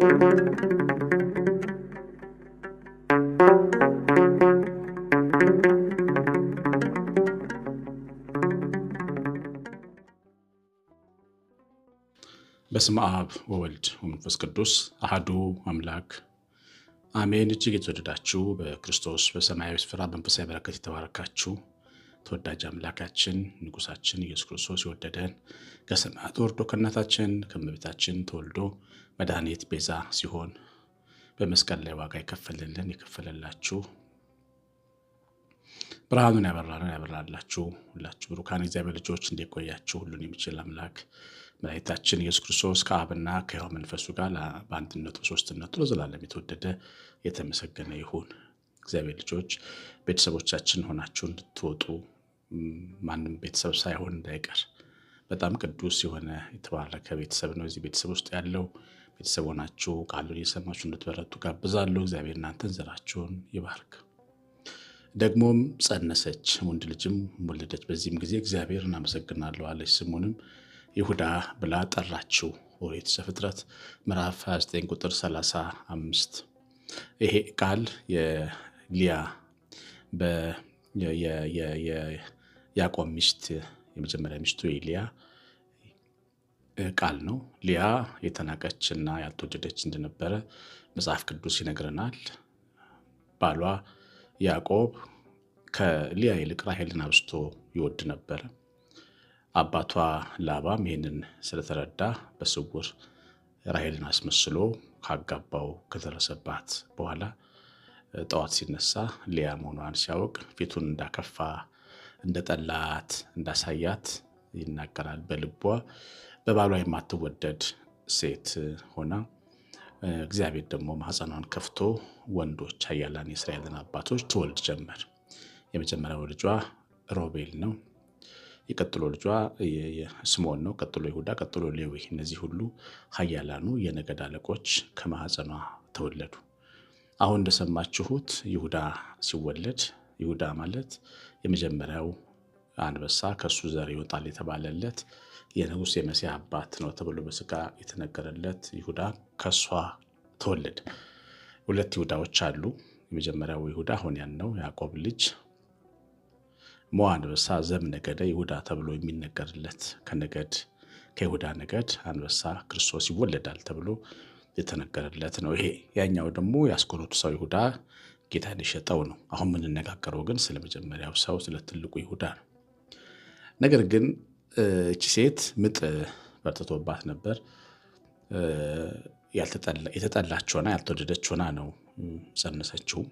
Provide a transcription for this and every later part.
በስመ አብ ወወልድ ወመንፈስ ቅዱስ አህዱ አምላክ አሜን። እጅግ የተወደዳችሁ በክርስቶስ በሰማያዊ ስፍራ መንፈሳዊ በረከት የተባረካችሁ ተወዳጅ አምላካችን ንጉሳችን ኢየሱስ ክርስቶስ የወደደን ከሰማያት ወርዶ ከእናታችን ከእመቤታችን ተወልዶ መድኃኒት ቤዛ ሲሆን በመስቀል ላይ ዋጋ የከፈለልን የከፈለላችሁ ብርሃኑን ያበራልን ያበራላችሁ ሁላችሁ ብሩካን እግዚአብሔር ልጆች እንዲቆያችሁ ሁሉን የሚችል አምላክ መድኃኒታችን ኢየሱስ ክርስቶስ ከአብና ከሕያው መንፈሱ ጋር በአንድነቱ ሶስትነቱ ለዘላለም የተወደደ የተመሰገነ ይሁን። እግዚአብሔር ልጆች ቤተሰቦቻችን ሆናችሁ እንድትወጡ ማንም ቤተሰብ ሳይሆን እንዳይቀር በጣም ቅዱስ የሆነ የተባረከ ቤተሰብ ነው። እዚህ ቤተሰብ ውስጥ ያለው ቤተሰብ ሆናችሁ ቃሉን እየሰማችሁ እንድትበረቱ ጋብዛለሁ። እግዚአብሔር እናንተን ዘራችሁን ይባርክ። ደግሞም ጸነሰች፣ ወንድ ልጅም ወለደች። በዚህም ጊዜ እግዚአብሔር እናመሰግናለሁ አለች። ስሙንም ይሁዳ ብላ ጠራችው። ኦሪት ዘፍጥረት ምዕራፍ 29 ቁጥር 35። ይሄ ቃል የሊያ ያዕቆብ ሚስት የመጀመሪያ ሚስቱ የሊያ ቃል ነው። ሊያ የተናቀች እና ያልተወደደች እንደነበረ መጽሐፍ ቅዱስ ይነግረናል። ባሏ ያዕቆብ ከሊያ ይልቅ ራሄልን አብዝቶ ይወድ ነበረ። አባቷ ላባም ይህንን ስለተረዳ በስውር ራሄልን አስመስሎ ካጋባው ከደረሰባት በኋላ ጠዋት ሲነሳ ሊያ መሆኗን ሲያውቅ ፊቱን እንዳከፋ እንደ ጠላት እንዳሳያት ይናገራል። በልቧ በባሏ የማትወደድ ሴት ሆና እግዚአብሔር ደግሞ ማህፀኗን ከፍቶ ወንዶች ኃያላን የእስራኤልን አባቶች ትወልድ ጀመር። የመጀመሪያው ልጇ ሮቤል ነው። የቀጥሎ ልጇ ስምዖን ነው። ቀጥሎ ይሁዳ፣ ቀጥሎ ሌዊ። እነዚህ ሁሉ ኃያላኑ የነገድ አለቆች ከማህፀኗ ተወለዱ። አሁን እንደሰማችሁት ይሁዳ ሲወለድ ይሁዳ ማለት የመጀመሪያው አንበሳ ከሱ ዘር ይወጣል የተባለለት የንጉስ የመሲህ አባት ነው ተብሎ በስጋ የተነገረለት ይሁዳ ከሷ ተወለደ። ሁለት ይሁዳዎች አሉ። የመጀመሪያው ይሁዳ ሆንያን ነው፣ ያዕቆብ ልጅ ሞ አንበሳ ዘም ነገደ ይሁዳ ተብሎ የሚነገርለት ከነገድ ከይሁዳ ነገድ አንበሳ ክርስቶስ ይወለዳል ተብሎ የተነገረለት ነው። ይሄ ያኛው ደግሞ የአስቆሮቱ ሰው ይሁዳ ጌታን የሸጠው ነው። አሁን የምንነጋገረው ግን ስለ መጀመሪያው ሰው ስለ ትልቁ ይሁዳ ነው። ነገር ግን እቺ ሴት ምጥ በርትቶባት ነበር። የተጠላች ሆና ያልተወደደች ሆና ነው ጸነሰችውም።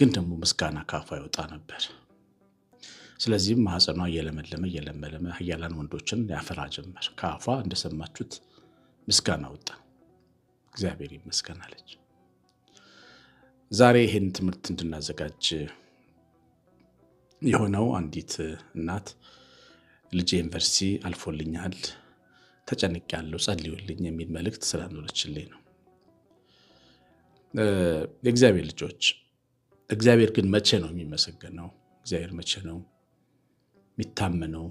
ግን ደግሞ ምስጋና ካፏ ይወጣ ነበር። ስለዚህም ማህፀኗ እየለመለመ እየለመለመ ኃያላን ወንዶችን ያፈራ ጀመር። ከአፏ እንደሰማችሁት ምስጋና ወጣ። እግዚአብሔር ይመስገን አለች። ዛሬ ይህን ትምህርት እንድናዘጋጅ የሆነው አንዲት እናት ልጅ ዩኒቨርሲቲ አልፎልኛል፣ ተጨንቅ ያለው ጸልዩልኝ የሚል መልእክት ስላኖረችልኝ ነው። የእግዚአብሔር ልጆች፣ እግዚአብሔር ግን መቼ ነው የሚመሰገነው? እግዚአብሔር መቼ ነው የሚታመነው?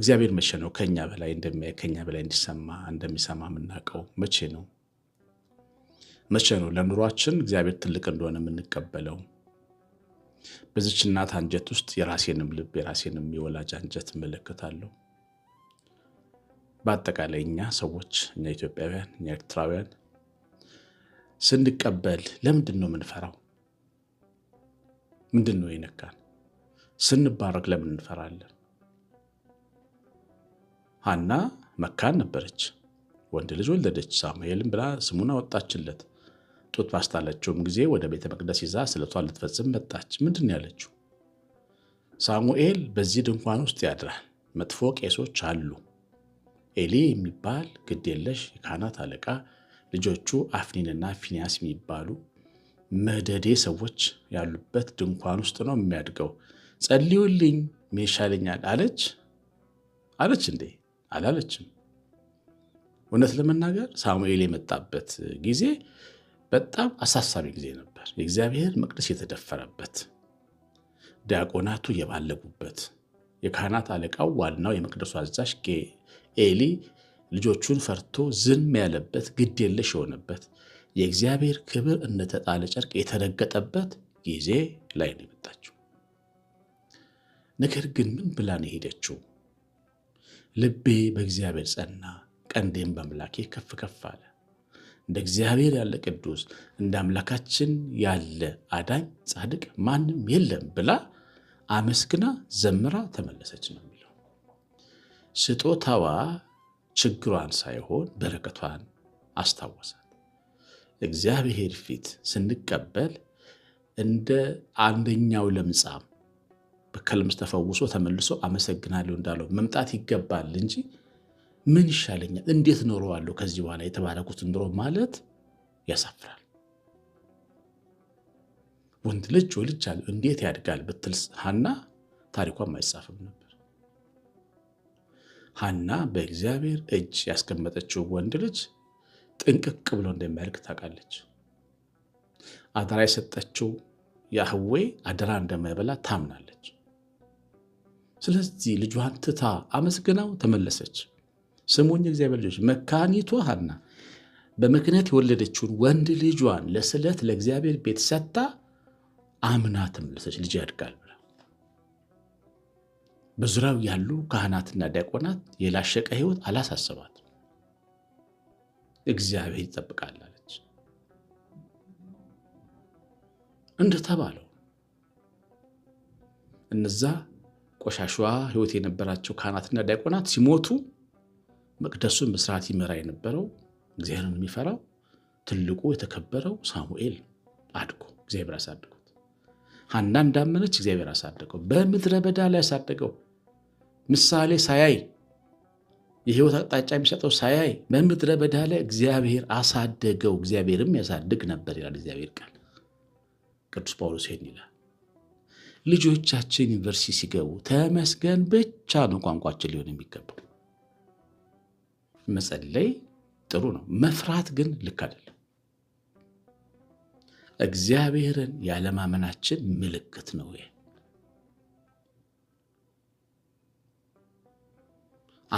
እግዚአብሔር መቼ ነው ከኛ በላይ እንደሚያይ ከኛ በላይ እንዲሰማ እንደሚሰማ የምናውቀው መቼ ነው? መቼ ነው ለኑሯችን እግዚአብሔር ትልቅ እንደሆነ የምንቀበለው? በዚች እናት አንጀት ውስጥ የራሴንም ልብ የራሴንም የወላጅ አንጀት እመለከታለሁ። በአጠቃላይ እኛ ሰዎች እኛ ኢትዮጵያውያን እኛ ኤርትራውያን ስንቀበል ለምንድን ነው የምንፈራው? ምንድን ነው የነካን? ስንባረክ ለምን እንፈራለን? ሐና መካን ነበረች፣ ወንድ ልጅ ወለደች። ሳሙኤልም ብላ ስሙን አወጣችለት። ጡት ባስታለችውም ጊዜ ወደ ቤተ መቅደስ ይዛ ስለቷን ልትፈጽም መጣች። ምንድን ያለችው? ሳሙኤል በዚህ ድንኳን ውስጥ ያድራል። መጥፎ ቄሶች አሉ። ኤሊ የሚባል ግዴለሽ የካህናት አለቃ፣ ልጆቹ አፍኒንና ፊንያስ የሚባሉ መደዴ ሰዎች ያሉበት ድንኳን ውስጥ ነው የሚያድገው። ጸልዩልኝ፣ ምን ይሻለኛል አለች። አለች እንዴ? አላለችም። እውነት ለመናገር ሳሙኤል የመጣበት ጊዜ በጣም አሳሳቢ ጊዜ ነበር። የእግዚአብሔር መቅደስ የተደፈረበት፣ ዲያቆናቱ የባለጉበት፣ የካህናት አለቃው ዋናው የመቅደሱ አዛዥ ኤሊ ልጆቹን ፈርቶ ዝም ያለበት፣ ግድ የለሽ የሆነበት፣ የእግዚአብሔር ክብር እንደተጣለ ጨርቅ የተረገጠበት ጊዜ ላይ ነው የመጣችው። ነገር ግን ምን ብላን የሄደችው? ልቤ በእግዚአብሔር ጸና፣ ቀንዴም በአምላኬ ከፍ ከፍ አለ እንደ እግዚአብሔር ያለ ቅዱስ እንደ አምላካችን ያለ አዳኝ ጻድቅ ማንም የለም ብላ አመስግና ዘምራ ተመለሰች ነው የሚለው። ስጦታዋ ችግሯን ሳይሆን በረከቷን አስታወሳት። እግዚአብሔር ፊት ስንቀበል እንደ አንደኛው ለምጻም በከለምጽ ተፈውሶ ተመልሶ አመሰግናለሁ እንዳለው መምጣት ይገባል እንጂ ምን ይሻለኛል? እንዴት ኖረዋለሁ ከዚህ በኋላ የተባረኩትን ኑሮ ማለት ያሳፍራል። ወንድ ልጅ ወልጃለሁ እንዴት ያድጋል ብትል ሀና ታሪኳም አይጻፍም ነበር። ሀና በእግዚአብሔር እጅ ያስቀመጠችው ወንድ ልጅ ጥንቅቅ ብሎ እንደሚያድግ ታውቃለች። አደራ የሰጠችው የአህዌ አደራ እንደማይበላ ታምናለች። ስለዚህ ልጇን ትታ አመስግናው ተመለሰች። ስሙኝ እግዚአብሔር ልጆች፣ መካኒቱ ሐና በምክንያት የወለደችውን ወንድ ልጇን ለስለት ለእግዚአብሔር ቤት ሰጥታ አምናትም ልሰች ልጅ ያድጋል ብላ በዙሪያው ያሉ ካህናትና ዲያቆናት የላሸቀ ህይወት አላሳሰባት። እግዚአብሔር ይጠብቃል አለች። እንደተባለው እነዛ ቆሻሿ ህይወት የነበራቸው ካህናትና ዲያቆናት ሲሞቱ መቅደሱን በስርዓት ይመራ የነበረው እግዚአብሔርን የሚፈራው ትልቁ የተከበረው ሳሙኤል አድጎ እግዚአብሔር አሳድጎት፣ ሀና እንዳመነች እግዚአብሔር አሳደገው፣ በምድረ በዳ ላይ አሳደገው። ምሳሌ ሳያይ የህይወት አቅጣጫ የሚሰጠው ሳያይ በምድረ በዳ ላይ እግዚአብሔር አሳደገው። እግዚአብሔርም ያሳድግ ነበር ይላል እግዚአብሔር ቃል። ቅዱስ ጳውሎስ ይሄን ይላል። ልጆቻችን ዩኒቨርሲቲ ሲገቡ ተመስገን ብቻ ነው ቋንቋችን ሊሆን የሚገባው። መጸለይ ጥሩ ነው። መፍራት ግን ልክ አይደለም። እግዚአብሔርን ያለማመናችን ምልክት ነው።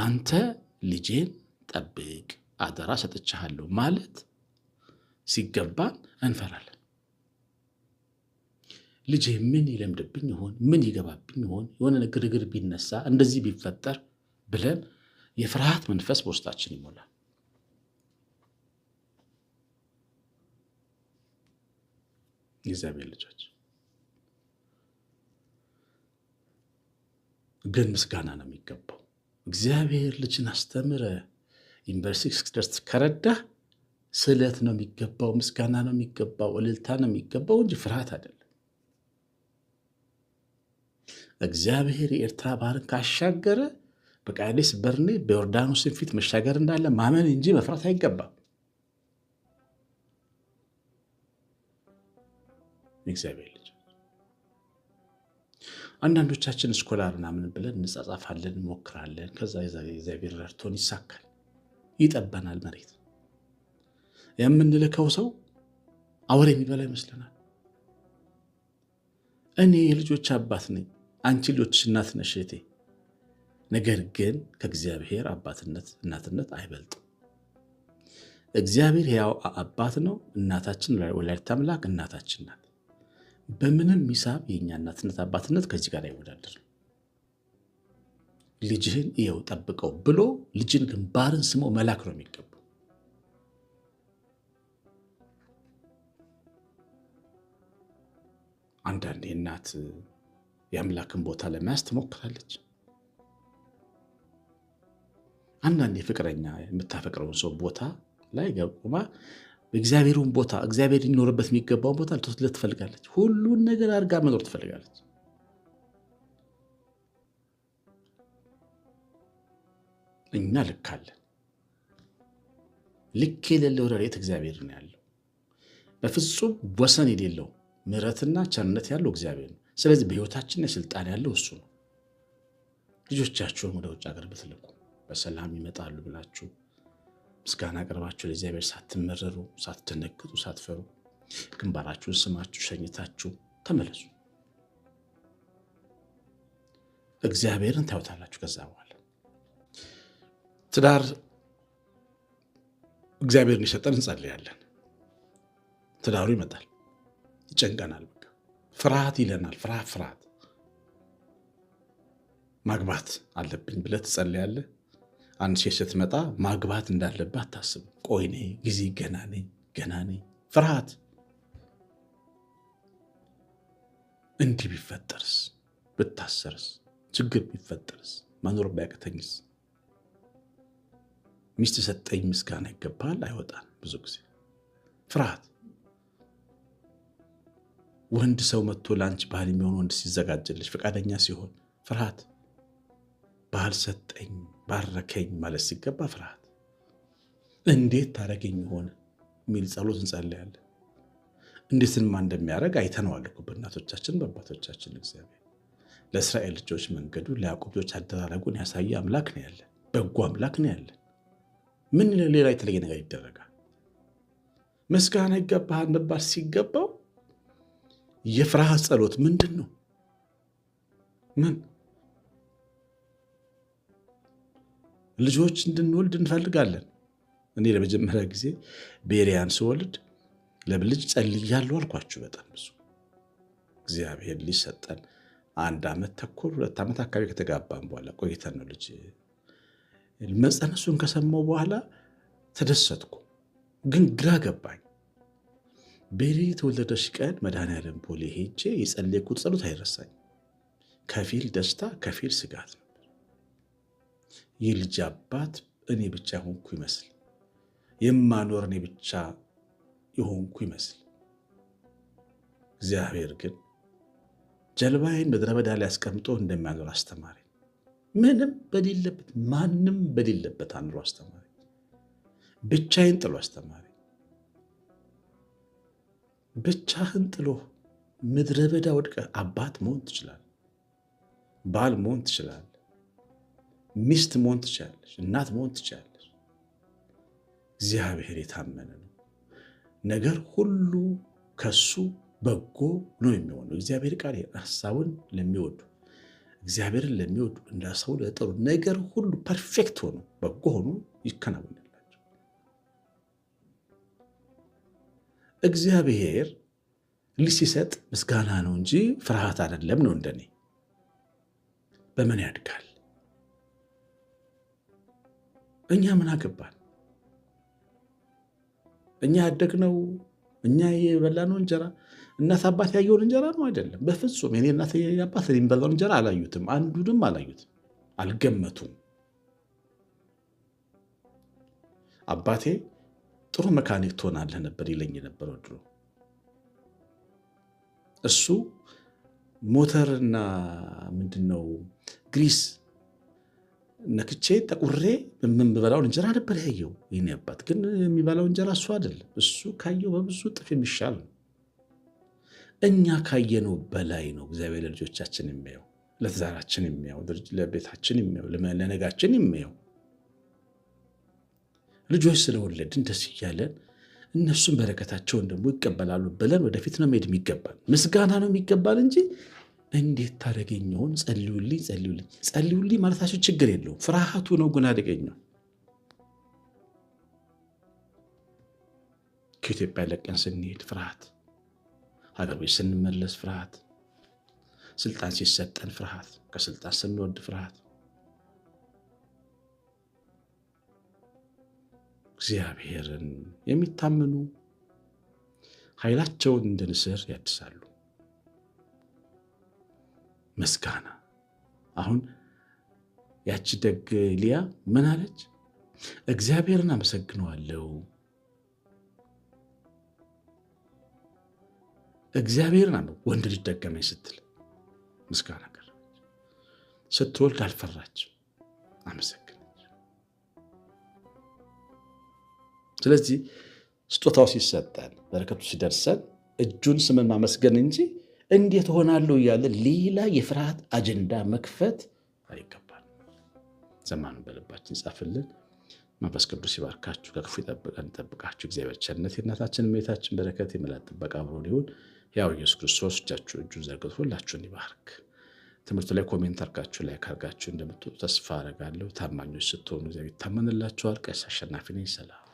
አንተ ልጄን ጠብቅ አደራ ሰጥቻሃለሁ ማለት ሲገባን እንፈራለን። ልጄ ምን ይለምድብኝ ይሆን? ምን ይገባብኝ ይሆን? የሆነ ግርግር ቢነሳ፣ እንደዚህ ቢፈጠር ብለን የፍርሃት መንፈስ በውስጣችን ይሞላል። የእግዚአብሔር ልጆች ግን ምስጋና ነው የሚገባው። እግዚአብሔር ልጅን አስተምረ ዩኒቨርሲቲ እስክደርስ ከረዳ ስዕለት ነው የሚገባው፣ ምስጋና ነው የሚገባው፣ እልልታ ነው የሚገባው እንጂ ፍርሃት አይደለም። እግዚአብሔር የኤርትራ ባህርን ካሻገረ በቃዴስ በርኔ በዮርዳኖስን ፊት መሻገር እንዳለ ማመን እንጂ መፍራት አይገባም። እግዚአብሔር ልጅ አንዳንዶቻችን ስኮላር ምናምን ብለን እንጻጻፋለን፣ እንሞክራለን። ከዛ እግዚአብሔር ረድቶን ይሳካል፣ ይጠበናል። መሬት የምንልከው ሰው አወር የሚበላ ይመስለናል። እኔ የልጆች አባት ነኝ፣ አንቺ ልጆች እናት ነሽ እቴ ነገር ግን ከእግዚአብሔር አባትነት እናትነት አይበልጥም። እግዚአብሔር ያው አባት ነው። እናታችን ወላዲተ አምላክ እናታችን ናት። በምንም ሂሳብ የእኛ እናትነት አባትነት ከዚህ ጋር አይወዳደርም። ልጅህን እየው ጠብቀው ብሎ ልጅን ግንባርን ስሞ መላክ ነው የሚገቡ። አንዳንዴ እናት የአምላክን ቦታ ለመያዝ ትሞክራለች። አንዳንድ የፍቅረኛ የምታፈቅረውን ሰው ቦታ ላይ ገቁማ እግዚአብሔሩን ቦታ እግዚአብሔር ሊኖርበት የሚገባውን ቦታ ልትወስድለት ትፈልጋለች። ሁሉን ነገር አድርጋ መኖር ትፈልጋለች። እኛ ልክ አለን። ልክ የሌለው ረድኤት እግዚአብሔር ነው ያለው። በፍጹም ወሰን የሌለው ምሕረትና ቸርነት ያለው እግዚአብሔር ነው። ስለዚህ በሕይወታችን ስልጣን ያለው እሱ ነው። ልጆቻችሁን ወደ ውጭ ሀገር ብትልኩ በሰላም ይመጣሉ ብላችሁ ምስጋና አቅርባችሁ ለእግዚአብሔር ሳትመረሩ፣ ሳትደነግጡ፣ ሳትፈሩ ግንባራችሁን ስማችሁ ሸኝታችሁ ተመለሱ። እግዚአብሔርን ታዩታላችሁ። ከዛ በኋላ ትዳር እግዚአብሔር እንዲሰጠን እንጸልያለን። ትዳሩ ይመጣል። ይጨንቀናል። በቃ ፍርሃት ይለናል። ፍርሃት ፍርሃት ማግባት አለብኝ ብለህ ትጸልያለህ። አንድ ሴት ስትመጣ ማግባት እንዳለባት አታስብ። ቆይኔ ጊዜ ገና ነይ ገና ፍርሃት። እንዲህ ቢፈጠርስ? ብታሰርስ? ችግር ቢፈጠርስ? መኖር ቢያቅተኝስ? ሚስት ሰጠኝ ምስጋና ይገባል አይወጣል ብዙ ጊዜ ፍርሃት። ወንድ ሰው መጥቶ ለአንቺ ባህል የሚሆን ወንድ ሲዘጋጅልሽ ፈቃደኛ ሲሆን ፍርሃት ባህል ሰጠኝ፣ ባረከኝ ማለት ሲገባ ፍርሃት፣ እንዴት ታረገኝ ሆነ የሚል ጸሎት እንጸለያለን። እንዴትንማ እንደሚያደረግ አይተነዋል እኮ በእናቶቻችን በአባቶቻችን። እግዚአብሔር ለእስራኤል ልጆች መንገዱ ለያዕቆብ ልጆች አደራረጉን ያሳየ አምላክ ነው ያለን፣ በጎ አምላክ ነው ያለን። ምን ሌላ የተለየ ነገር ይደረጋል? ምስጋና ይገባሃል መባል ሲገባው የፍርሃት ጸሎት ምንድን ነው? ምን ልጆች እንድንወልድ እንፈልጋለን። እኔ ለመጀመሪያ ጊዜ ቤሪያን ስወልድ ለብልጅ ጸልያለሁ አልኳችሁ። በጣም ብዙ እግዚአብሔር ልጅ ሰጠን። አንድ ዓመት ተኩል ሁለት ዓመት አካባቢ ከተጋባን በኋላ ቆይተን ነው ልጅ መፀነሱን ከሰማው በኋላ ተደሰትኩ፣ ግን ግራ ገባኝ። ቤሪ የተወለደች ቀን መድኃኔዓለም ቦሌ ሄጄ የጸለይኩት ጸሎት አይረሳኝ። ከፊል ደስታ ከፊል ስጋት ነው። የልጅ አባት እኔ ብቻ የሆንኩ ይመስል የማኖር እኔ ብቻ የሆንኩ ይመስል እግዚአብሔር ግን ጀልባዬን በምድረ በዳ ላይ አስቀምጦ እንደሚያኖር አስተማሪ፣ ምንም በሌለበት ማንም በሌለበት አኑሮ አስተማሪ፣ ብቻዬን ጥሎ አስተማሪ፣ ብቻህን ጥሎ ምድረ በዳ ወድቀህ አባት መሆን ትችላለህ፣ ባል መሆን ትችላለህ፣ ሚስት መሆን ትችላለች፣ እናት መሆን ትችላለች። እግዚአብሔር የታመነ ነው። ነገር ሁሉ ከሱ በጎ ነው የሚሆነው። እግዚአብሔር ቃል ሀሳቡን ለሚወዱ እግዚአብሔርን ለሚወዱ እንዳሰቡ ለጠሩ ነገር ሁሉ ፐርፌክት ሆኖ በጎ ሆኖ ይከናወንላቸው። እግዚአብሔር ልጅ ሲሰጥ ምስጋና ነው እንጂ ፍርሃት አይደለም ነው እንደኔ። በምን ያድጋል? እኛ ምን አገባን? እኛ ያደግነው እኛ የበላነው እንጀራ እናት አባት ያየውን እንጀራ ነው አይደለም። በፍጹም የኔ እናት አባት የሚበላውን እንጀራ አላዩትም፣ አንዱንም አላዩትም፣ አልገመቱም። አባቴ ጥሩ መካኒክ ትሆናለህ ነበር ይለኝ የነበረው ድሮ። እሱ ሞተርና ምንድነው ግሪስ ነክቼ ጠቁሬ የምንበላውን እንጀራ ነበር ያየው። ይህን ያባት ግን የሚበላው እንጀራ እሱ አይደል፣ እሱ ካየው በብዙ ጥፍ የሚሻል ነው። እኛ ካየነው በላይ ነው እግዚአብሔር ለልጆቻችን የሚያየው፣ ለትዛራችን የሚያየው፣ ለቤታችን የሚያየው፣ ለነጋችን የሚያየው። ልጆች ስለወለድን ደስ እያለን እነሱን በረከታቸውን ደግሞ ይቀበላሉ ብለን ወደፊት ነው መሄድ የሚገባን። ምስጋና ነው የሚገባን እንጂ እንዴት ታደገኘውን ጸልዩልኝ ጸልዩልኝ ጸልዩልኝ ማለታቸው ችግር የለው ፍርሃቱ ነው ግን አደገኘው ከኢትዮጵያ ለቀን ስንሄድ ፍርሃት ሀገር ቤት ስንመለስ ፍርሃት ስልጣን ሲሰጠን ፍርሃት ከስልጣን ስንወድ ፍርሃት እግዚአብሔርን የሚታመኑ ኃይላቸውን እንደ ንስር ያድሳሉ ምስጋና። አሁን ያቺ ደግ ሊያ ምን አለች? እግዚአብሔርን አመሰግነዋለሁ። እግዚአብሔርን አመ ወንድ ልጅ ደገመኝ ስትል ምስጋና ቀረበች። ስትወልድ አልፈራች፣ አመሰግነች። ስለዚህ ስጦታው ሲሰጠን በረከቱ ሲደርሰን እጁን ስምን ማመስገን እንጂ እንዴት ሆናለሁ እያለ ሌላ የፍርሃት አጀንዳ መክፈት አይገባል። ዘማኑ በልባችን ጻፍልን። መንፈስ ቅዱስ ይባርካችሁ፣ ከክፉ ይጠብቀን፣ ይጠብቃችሁ። እግዚአብሔር ቸርነት የእናታችን እመቤታችን በረከት የመላት ጥበቃ አብሮን ይሁን። ያው ኢየሱስ ክርስቶስ እጃችሁ እጁን ዘርግቶ ሁላችሁን ይባርክ። ትምህርቱ ላይ ኮሜንት አርጋችሁ ላይክ አርጋችሁ እንደምትወጡ ተስፋ አረጋለሁ። ታማኞች ስትሆኑ እግዚአብሔር ይታመንላችኋል። ቀሲስ አሸናፊ ነኝ። ሰላም